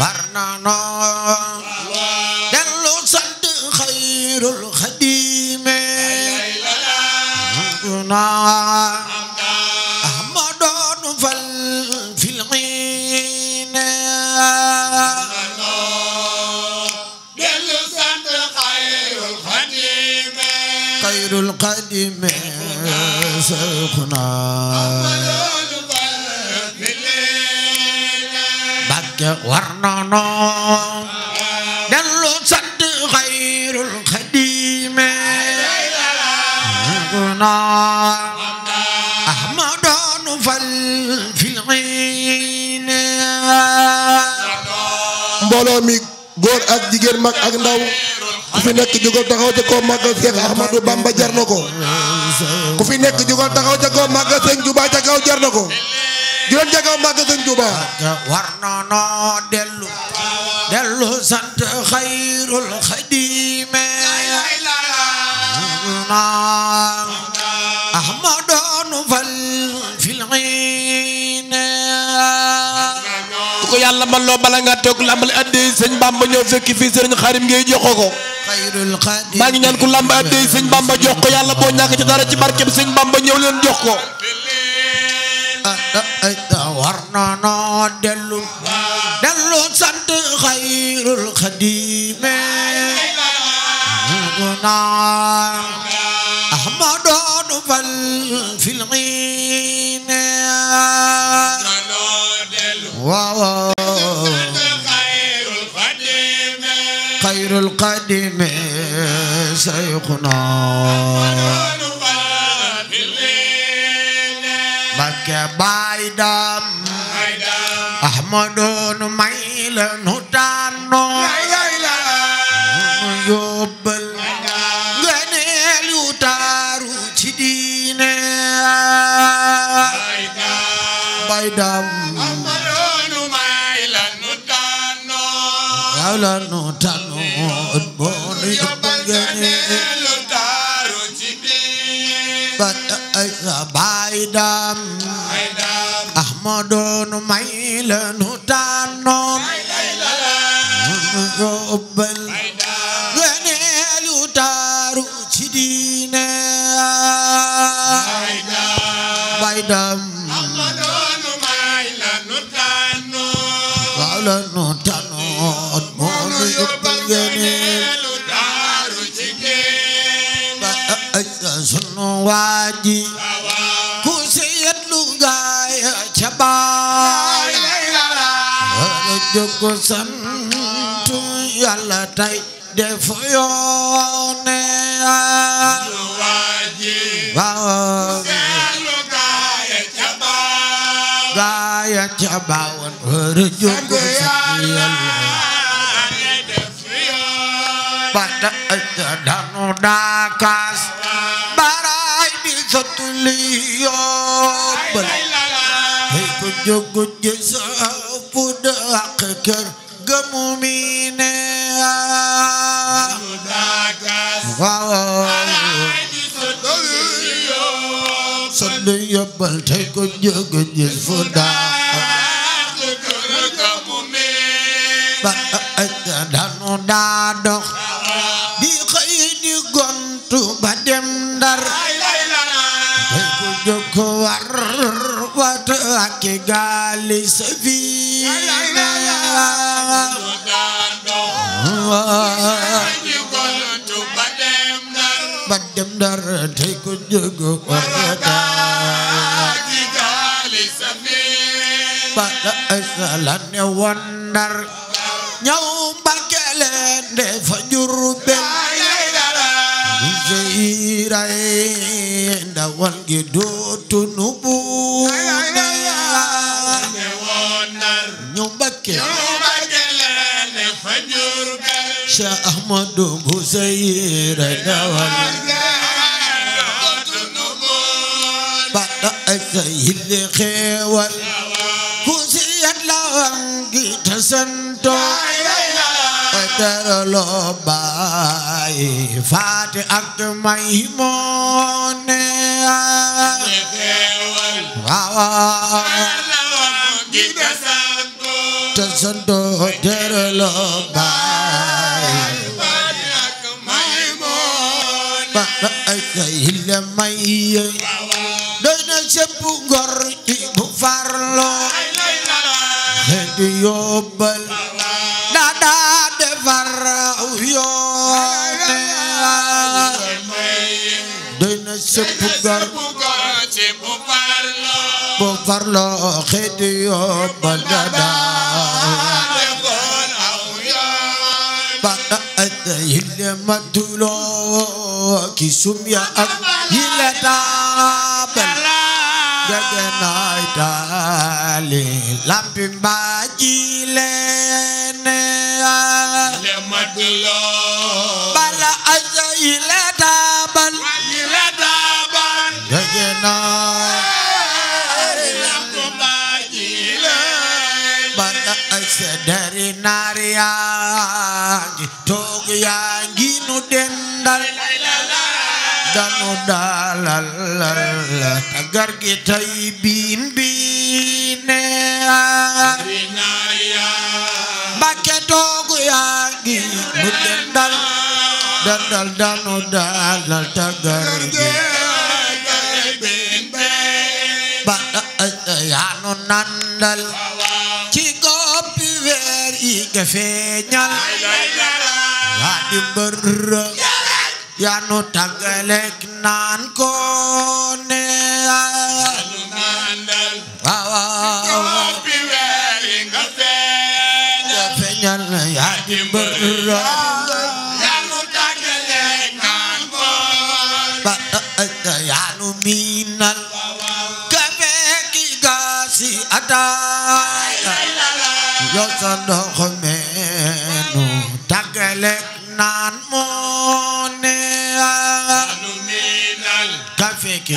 war na noo dellu sant xayrul xadime naa ahmadoon fal fil xiine dellu sant xayrul xadime xayrul xadime saxna war na noo dellu sant xayrul xadime aguna ahmadanu fal filxiine mbooloo mi góor ak jigéen mag ak ndaw ku fi nekk jógal taxaw ca kaw màggal Seex Ahmadu Bamba jar na ko ku fi nekk jógal taxaw ca kaw màggal Sëñ Tuubaa ca kaw jar na ko di leen jagal màgg sëñ Tuuba war nono dellu dellu sant xayrul xadime ahmadonu fal fil ku ko yàlla man loo bala nga toog lambal addee sëñ Bamba ñëw fekki fii sëriñ xarim ngay jox ko maa ngi ñaan ku lamb addee sëñ Bamba jox ko yàlla boo ñàkk ci dara ci barke bi sëñ Bamba ñëw leen jox ko ah, ah, war na noo dellu dellu sant xayrul xadime naa ahmadoon fal fil xiine waaw xayrul xadime sayxunaa Bakke baydam ma doon may la nu tànnoo nu yóbbal nga neel yu taaru ci diine bay dam ma doon may la nu tànnoo la nu tànnoo boo nu yóbbal nga neel yu taaru ci diine bay dam moo doonu may la nu tànnoon nu yóbbal weneelu taaru ci diine baydam moo doonu may la nu tànnoon waaw la nu tànnoon moo nu yóbbal weneelu taaru ci diine ba eh, eh, eh, sunu waaji jóg sant yàlla tey def yoone waaw gaaya ca baawan war a jóg sant yàlla baraay bi sotu li yóbbal ko jóg ku dàq kër ga muumine sënd yóbbal tey ko njëkk a njëkk fu dàq kër ga muumine ba ak danu daa dox di xëy di gontu ba dem ndar tey ko njëkk war wato ak gaali sa ba dem dar tey ko jogo warata ki gaali sa ba la asala ne wondar ray ndawal gi dootu nu buuna yaa ñu Mbakke Cheikh Ahmadu Busayri ndawal bada ay sayili xeewal ku si yat lawal gi tasanto teraloo baay faati ak may moo ne waaw te santo teraloo baay faati ak may moo ne ay kay la may doy na sëpp ngor ci bu farloo di yóbbal farloo xeeti yoo ba dadaa yille ma tuloo ki sum ya ak yille taabal gege naay taali lampi mbaa ji leene yille ma tuloo naar yaa ngi toog yaa ngi nu dendal danu dalal tagar gi tay biin biine Mbàkke toog yaa ngi nu dendal dendal danu dalal tagar gi ba yaa nu nandal yi nga feeñal yaa di mbër yaa nu tàggaleek naan ko ne waaw nga gaasi ataa yoo sa ndox meenu tàggaleek naan moo ne anu niinal kafe ki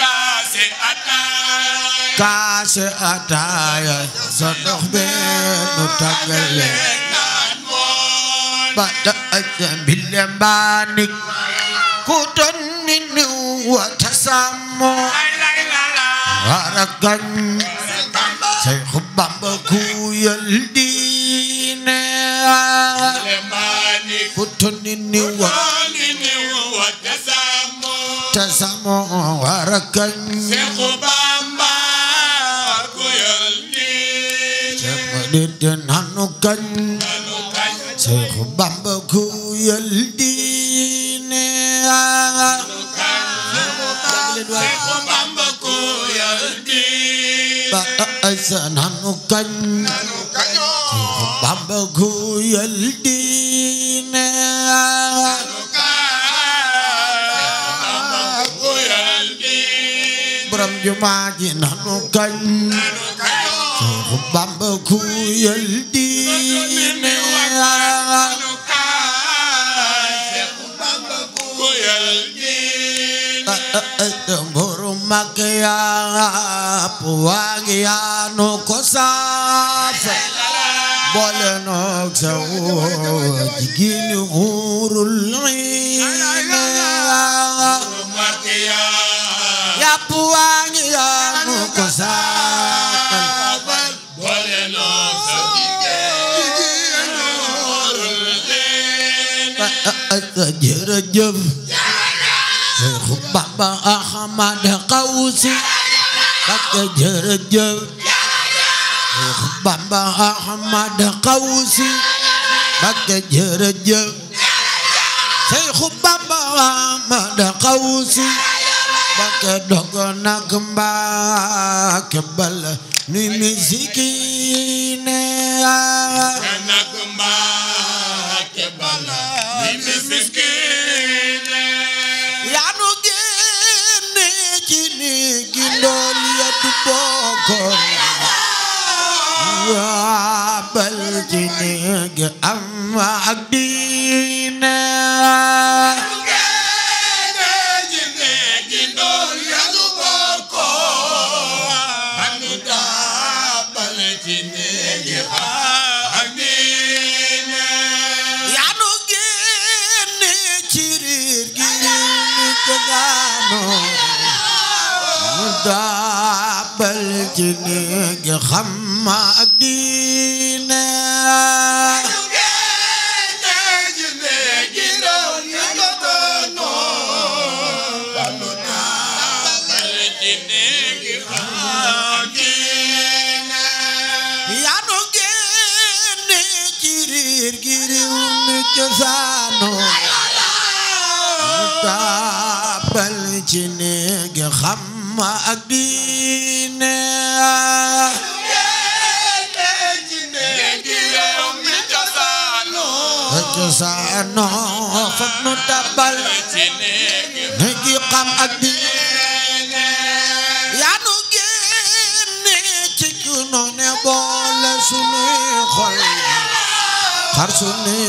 kaase ataaya kaase ataaya sa ndox meenu tàggaleek naan moo ne ba ta ajambi lembaanik ku ton ni niw wa tasaamo haragan bamba kuyal diine ku tonni ni wa tasamo warakan seku bamba kuyal diine seku didin hanukan seku bamba kuyal diine seku bamba ba ay sa nanu kañ Bamba guyal diine borom jumaa ji nanu kañ Bamba guyal diine Mburmak yaa puwaag yaa nu ko saaf boole noog sa woo jigéen ñi muurul yaa puwaag yaa nu ko saaf boole noog sa jigéen ñi muurul jërëjëf Cheikh Bamba Ahmad Kawsi Mbakke jërëjëf Cheikh Bamba Ahmad Kawsi Mbakke jërëjëf Cheikh Bamba Ahmad Kawsi Mbakke dogo nak Mbakke bal ni misikine nak Mbakke bal أما أبينا daabal ci néeg xam ak di tàbbal ci néeg xam ma ak diine cosaanoo fab nu tàbbal néeg xam ak diine xarsuni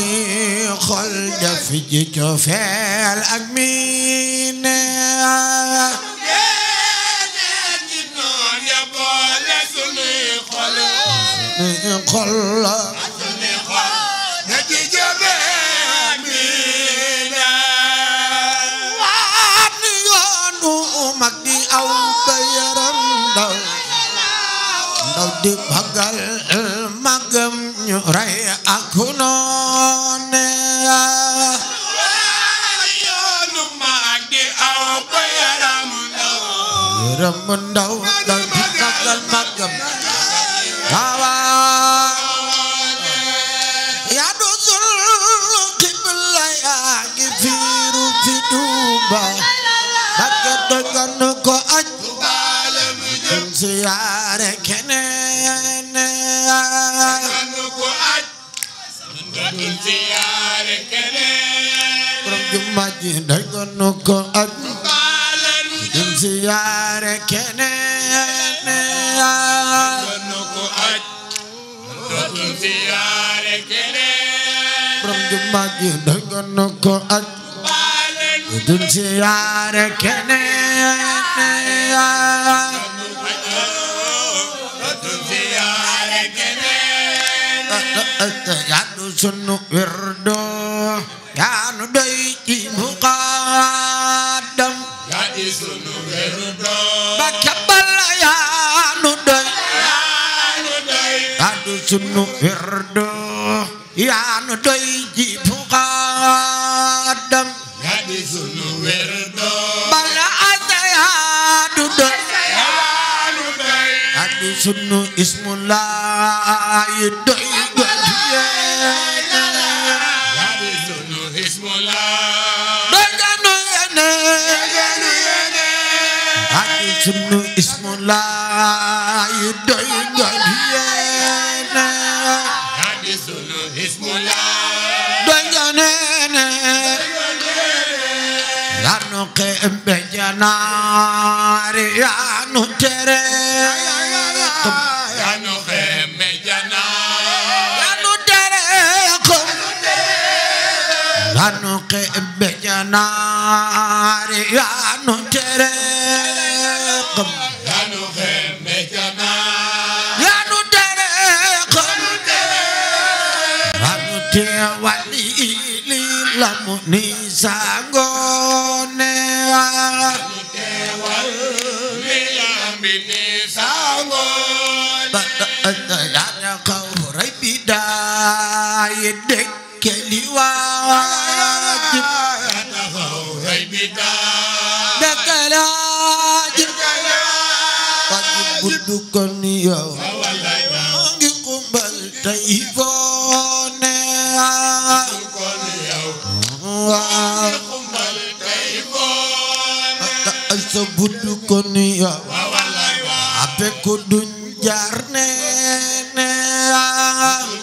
xol def ji cofeel ak miine xol di bagal ñu rey ak noone yoonu mag di aw ko yaram ndaw yaram ndaw ndaw di magal magam siyaare keneen du ziyaar keneen borom jumaa ji dagoonu ko ak balan du ziyaar keneen dagoonu ko ak du ziyaar keneen borom jumaa ji dagoonu ko ak balan du ziyaar keneen yaa nu sunu wirdo yaa nu nu doy yaa di nu doy ci sunu ismulaayi doy doy sunu ismulaayi doy doy sunu lanu xebe janaar yanu tere xam lanu xebe janaar yanu tere xam lanu teewali li lamu ni sango waay dëkk li waajib dëkk laajib waajib bu dukkoon yow ngi kumbal tey foone waaw sa bu dukkoon yow abe ko duñ jaar nee nee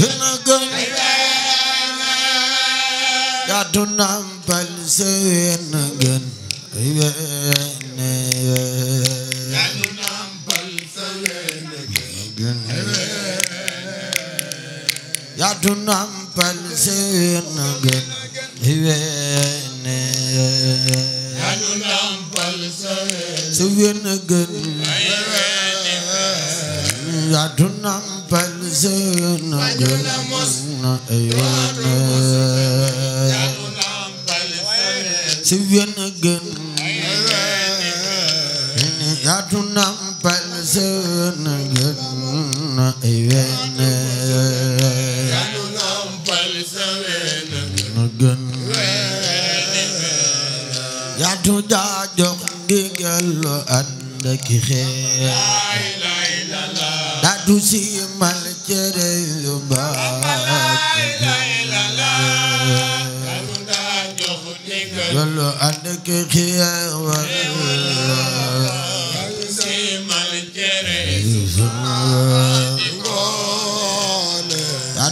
dina gëm yaa du nampal sa gën yaa du nampal ambal zena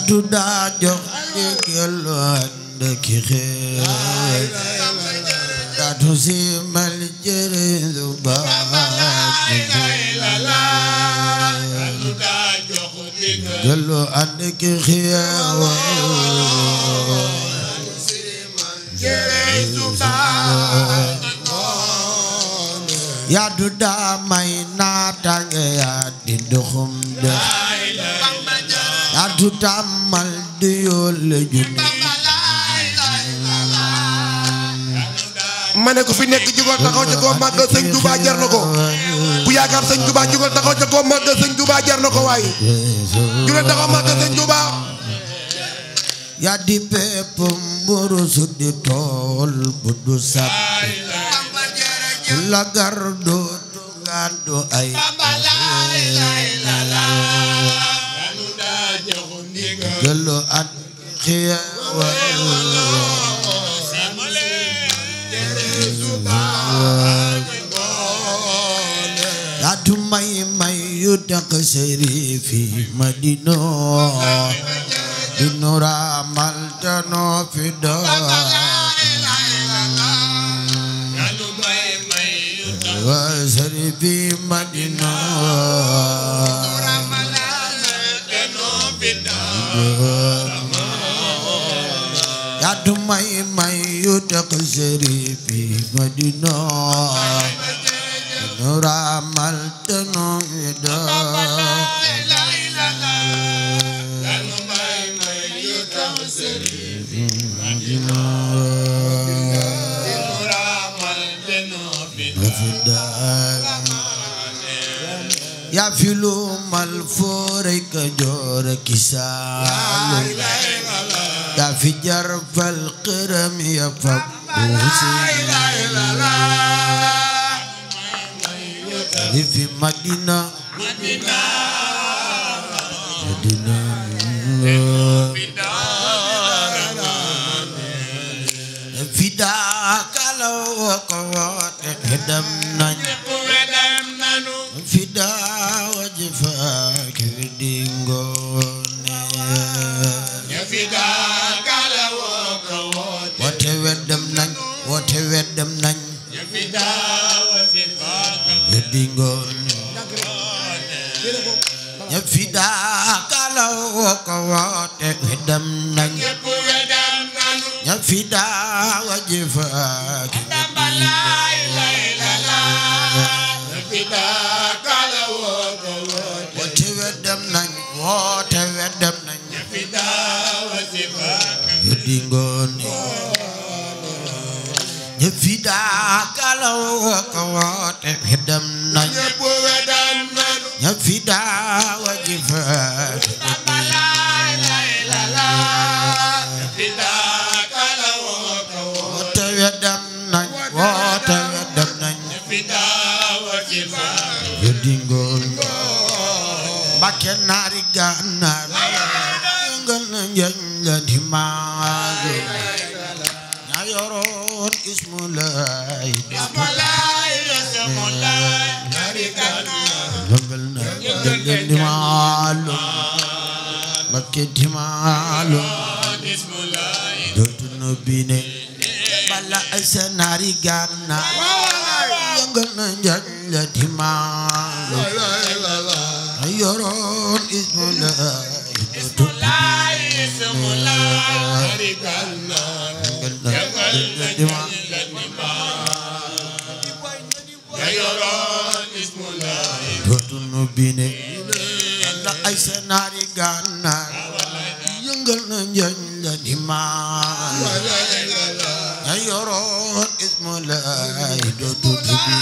du daa jox ndigal ànd ki xeer daa du simal jëre lu baax ndigal ànd ki xeer daa du simal jëre lu baax yaa du daa may naataange yaa di doxum dox yaa du tàmmal di yóole junni ma ne ko fi nekk jugal taxaw ca koo màggal sëñ Tuubaa na ko ku yaakaar sëñ Tuubaa jugal taxaw ca koo màggal sëñ Tuubaa na ko waaye jugal taxaw màggal sëñ Tuubaa yaa di pepp mburu su di tool bu du sàpp lagar dootu gàddu ay gëllu at xiyawal may may yu dàq serifi madino dinu ramal ta no fi doon وسر في مدينة يا دمي مي يتقسري في مدينة نور عملت نويدا yaa fi lu mal foorey ka joor ki saalu yaa fi jar fal qiram ya fab buusi li fi madina madina fi daak لو قوات هدم نان هدم نانو فدا وجفاك دينغون يا فدا كالو قوات وتودم نان وتودم نان يا فدا وجفاك دينغون يا فدا كالو قوات هدم وقوات حدمنا يفدا وجفات Bakken naari gànnaar maalu bakketi maalu dootu no bine bala asanari ganna yëngal na njalati maalu yoroon ismulaay dootu bine yëngal na njalati maalu naari gànnaar yëngal na njëñ la di maan ña yoroon ismu laay dootu dubbi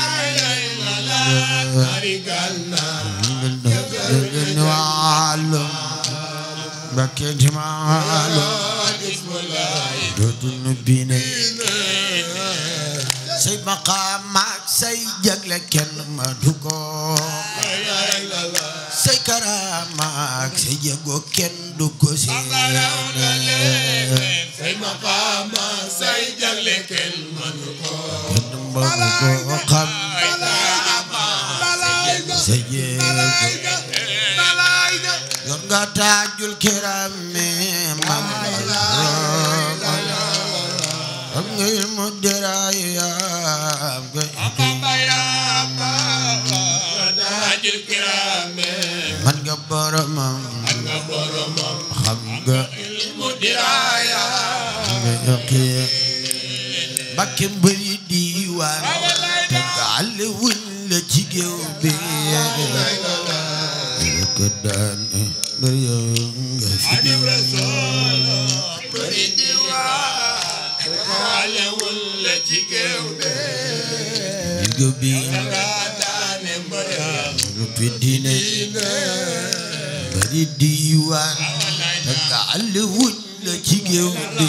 say maqaam ak say jagle kenn ma du ko karaama ak sa kenn du ko seere say maqaama say jagle kenn mënu ko kenn boromam xam nga ilmu diraaya xam nga yaqiin bakke mbëri diiwaan te gaale wuñ la ci géew bi ko daan mbër yow nga fi mbëri diiwaan te gaale wuñ la ci géew bi bi nga daane mbër yow fi diine bari diiwaan takka àll wuñ la ci géew di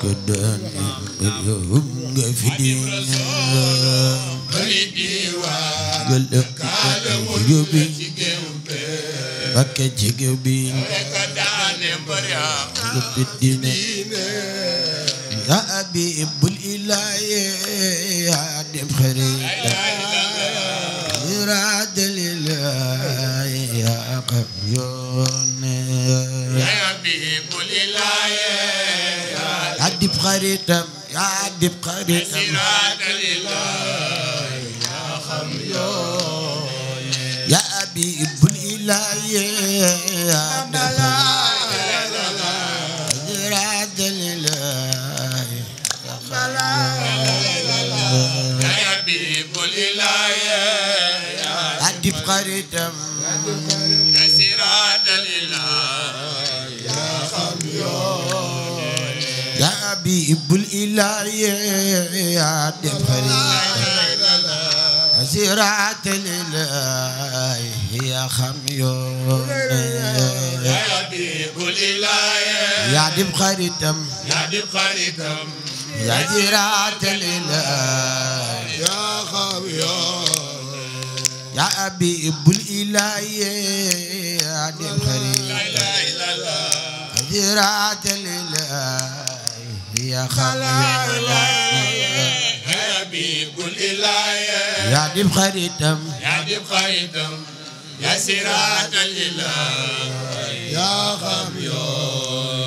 ko doon bëriwum nga fi di bari diiwaan takka àll wuñ la ci géew di bakke ci géew bi rekka daane mbari am nga fi diine ya abi bul ilaaye ya dem xarit xaritam yaa dib xaritam yaa abi ibul ilaaye yaa dala yaa abi ibul ilaaye yaa dib xaritam حبيب الإله يا دبري زراعة الإله يا خميون يا حبيب الإله يا دبري تم يا دبري تم يا زراعة الإله يا خميون يا حبيب الإله يا دبري زراعة الإله يا خلال حبيب الإله يا دب خريتم يا دب خريتم يا سراج الإله يا خميون